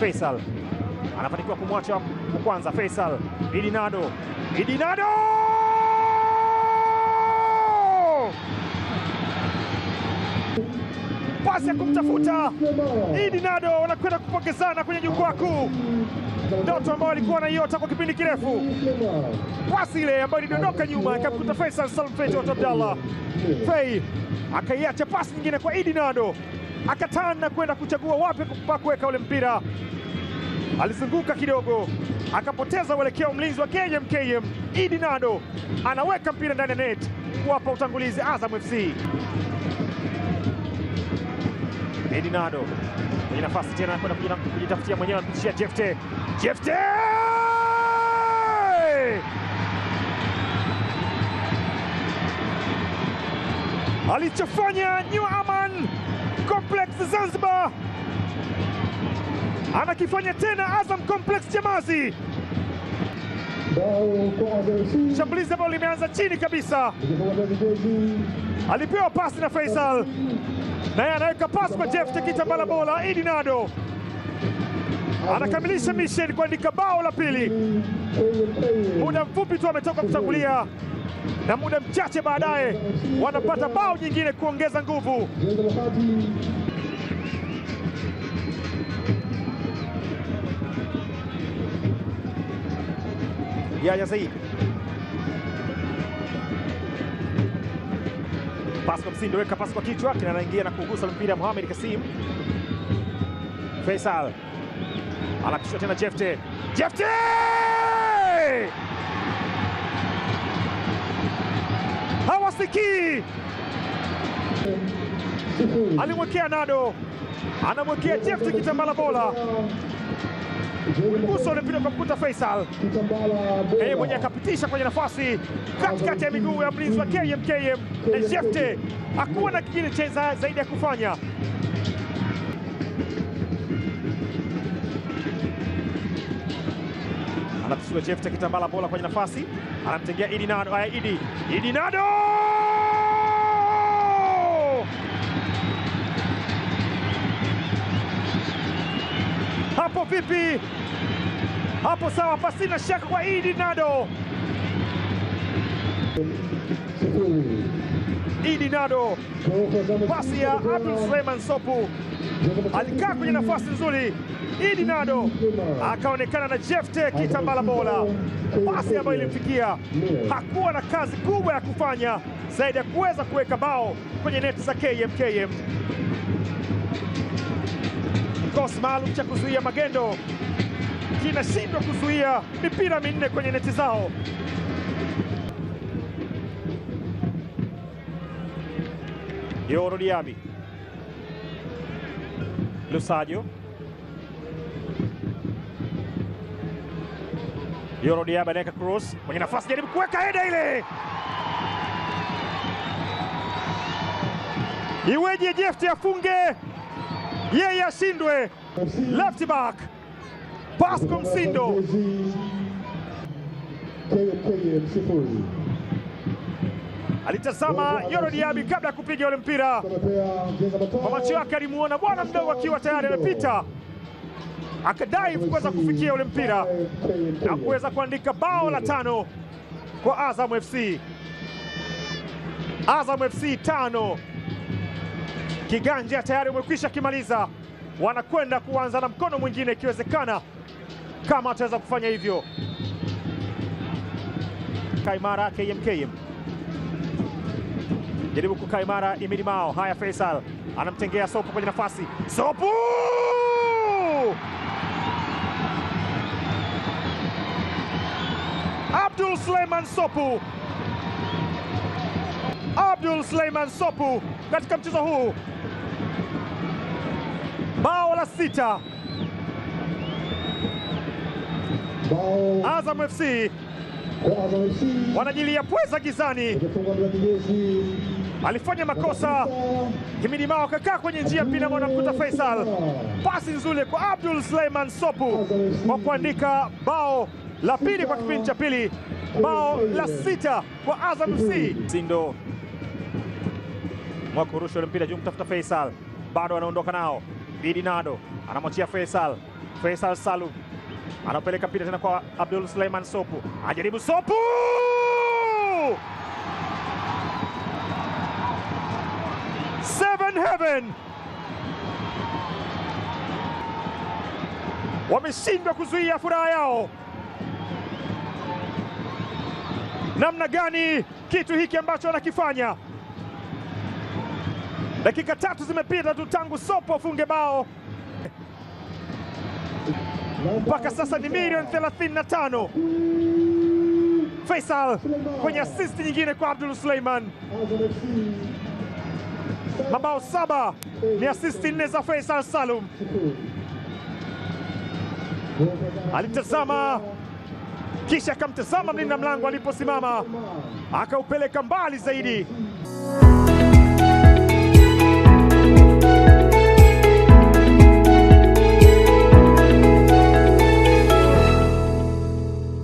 Faisal anafanikiwa kumwacha kwanza. Faisal Idinado, Idinado pasi ya kumtafuta Idinado, wanakwenda kupokezana kwenye jukwaa kuu, ndoto ambayo alikuwa anaiota kwa kipindi kirefu. Pasi ile ambayo ilidondoka nyuma ikamkuta Faisal Salum Fei Toto Abdallah, Fei akaiacha pasi nyingine kwa Idinado akatana kwenda kuchagua wapi pa kuweka ule mpira, alizunguka kidogo akapoteza uelekeo. Mlinzi wa KMKM Idi Nado anaweka mpira ndani ya net kuwapa utangulizi Azam FC. Idi Nado kwenye nafasi tena kwenda kujitafutia mwenyewe, anamtishia Jefte. Jefte alichofanya New Aman Complex Zanzibar anakifanya tena Azam Complex Chamazi. Shambulizi ambalo limeanza chini kabisa, alipewa pasi na Faisal, naye anaweka pasi kwa Jeff Chekita bola. Idi Nado anakamilisha mission kuandika bao la pili, muda mfupi tu ametoka kutangulia na muda mchache baadaye wanapata bao nyingine kuongeza nguvu. Yahya Said pasi kwa Msindo, weka pasi kwa kichwa, kina anaingia na kugusa mpira. Mohamed Kasim Faisal anapishwa tena, Jefte Jefte Sikii alimwekea Nado, anamwekea Jeff Kitambala, bola uso ulipita kwa mkuta Faisal, yeye mwenye akapitisha kwenye nafasi katikati ya miguu ya mlinzi wa KMKM na Jefte hakuwa na kingine cheza zaidi ya kufanya. Anapisiwa Jefte Kitambala, bola kwenye nafasi, anamtegea Idi Nado. Aya, Idi Idi Nado vipi hapo? Sawa, pasina shaka kwa Idi Nado. Idi Nado, pasi ya Abdul Suleiman Sopu, alikaa kwenye nafasi nzuri. Idi Nado akaonekana na Jefte Kitambala Bola, pasi ambayo ilimfikia. Hakuwa na kazi kubwa ya kufanya zaidi ya kuweza kuweka bao kwenye neti za KMKM kikosi maalum cha kuzuia magendo kinashindwa kuzuia mipira minne kwenye neti zao. Yoro Diaby, Lusajo, Yoro Diaby anaweka cross kwenye nafasi, jaribu kuweka heda ile iweje! jefti afunge yeye ashindwe. Left back Pasco Msindo alitazama Yoro Diaby kabla ya kupiga ule mpira kwa macho yake, alimuona bwana mdogo akiwa tayari amepita, akadive kuweza kufikia ule mpira na kuweza kuandika bao la tano kwa Azam FC. Azam FC tano Kiganja tayari umekwisha kimaliza, wanakwenda kuanza na mkono mwingine ikiwezekana, kama ataweza kufanya hivyo. Kaimara KMKM jaribu kukaimara Imidi Mao. Haya, Faisal anamtengea Sopu kwenye nafasi, Sopu Abdul Suleiman Sopu, Abdul Suleiman Sopu katika mchezo huu bao la sita Azam FC wanajilia pweza gizani. Alifanya makosa Himidi Mao, akakaa kwenye njia ambao anamkuta Faisal. Pasi nzuri kwa Abdul Suleiman Sopu kwa kuandika bao la pili kwa kipindi cha pili, bao la sita kwa Azam FC. Msindo mwa kurusha ule mpira juu, Faisal, bado anaondoka nao Bidinado anamwachia Faisal, Faisal Salum anapeleka pita tena kwa Abdul Suleiman Sopu, ajaribu Sopu Seven Heaven wameshindwa kuzuia furaha yao. Namna gani kitu hiki ambacho anakifanya Dakika tatu zimepita tu tangu Sopo afunge bao mpaka sasa ni milioni 35. Faisal kwenye asisti nyingine kwa Abdul Suleiman. Mabao saba ni asisti nne za Faisal Salum. Alitazama kisha akamtazama mlinda mlango aliposimama akaupeleka mbali zaidi.